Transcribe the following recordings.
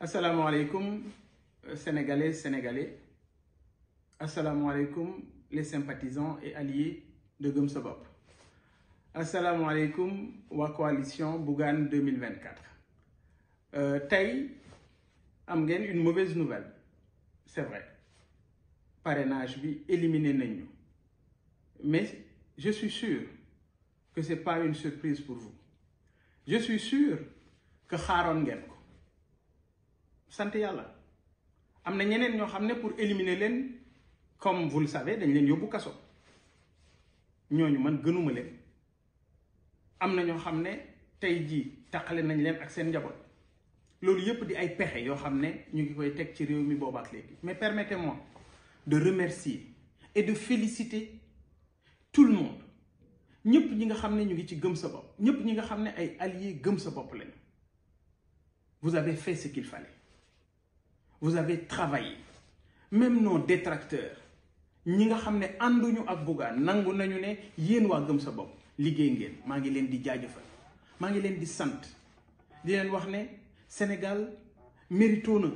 asalaamaaleykum euh, sénégalais sénégalais asalaamaaleykum les sympathisants et alliés de Gëm sa bopp asalaamaaleykum waa coalition Bougane 2024 euh, tey am ngeen une mauvaise nouvelle c'est vrai parrainage bi éliminé nañu mais je suis sûr que c'est pas une surprise pour vous je suis sûr que xaaroon ngeen sant yàlla am na ñeneen ñoo xam ne pour éliminer leen comme vous le dañ leen yóbbu kaso ñooñu man gënuma leen am na ñoo xam ne tey jii taqale nañ leen ak seen njaboot loolu yëpp di ay pexe yoo xam ne ñu ngi koy teg ci réew mi boobaak léegi mais permettez-moi de remercier et de féliciter tout le monde ñëpp ñi nga xam ne ñu ngi ci gëm sa bopp ñëpp ñi nga xam ne ay alliés gëm sa bopp lañu vous avez fait ce vous avez travaillé même nos détracteurs ñi nga xam ne ànduñu ak Bougane nangu nañu ne yéen waa gëm sa bopp liggéey ngeen maa ngi leen di jaajëfal maa ngi leen di sant di leen wax ne Sénégal mérito na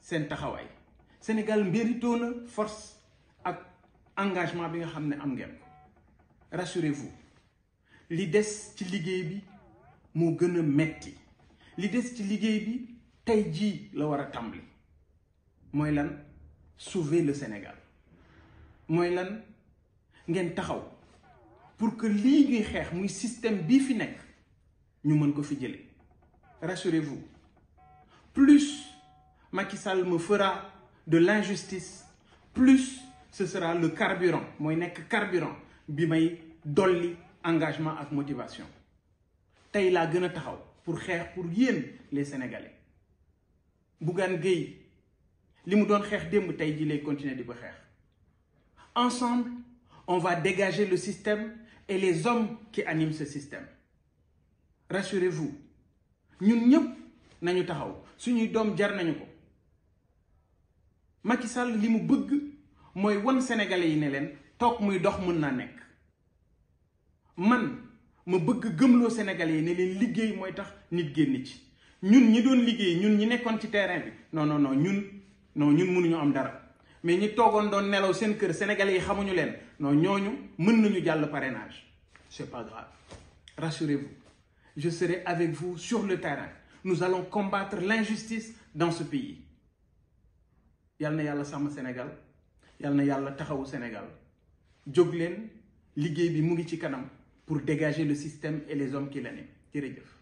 seen taxawaay Sénégal mérito na force ak engagement bi nga xam ne am ngeen rassurez-vous li des ci liggéey bi moo gën a metti li des ci liggéey bi tey jii la war a tàmbali mooy lan sauver le Sénégal mooy lan ngeen taxaw pour que lii ñuy xeex muy système bii fi nekk ñu mën ko fi jëlee rassurez-vous plus ma Sall me fera de l'injustice plus ce sera le carburant mooy nekk carburant bi may dolli engagement ak motivation tey laa gën a taxaw pour xeex pour yéen les Sénégalais Bougane Gueye li mu doon xeex démb tey ji lay continuer di ko xeex ensemble on va dégager le système et les hommes qui animent ce système rassurez-vous ñun ñëpp nañu taxaw suñuy doom jar nañu ko ma ci Sall li mu bëgg mooy won sénégalais yi ne leen toog muy dox mën naa nekk man ma bëgg gëmloo sénégalais yi ne leen liggéey mooy tax nit génn ci ñun ñi doon liggéey ñun ñi nekkoon ci terrain bi non ñun. non ñun mënuñu am dara mais ñi toogoon doon nelaw seen kër sénégalais yi xamuñu leen non ñooñu mën nañu jàll parrainage c'est pas grave rassurez-vous je serai avec vous sur le terrain nous allons combattre l'injustice dans ce pays yal na yàlla sàmm Sénégal yal na yàlla taxawu Sénégal jóg leen liggéey bi mu ngi ci kanam pour dégager le système et les hommes qui l'animent jërëjëf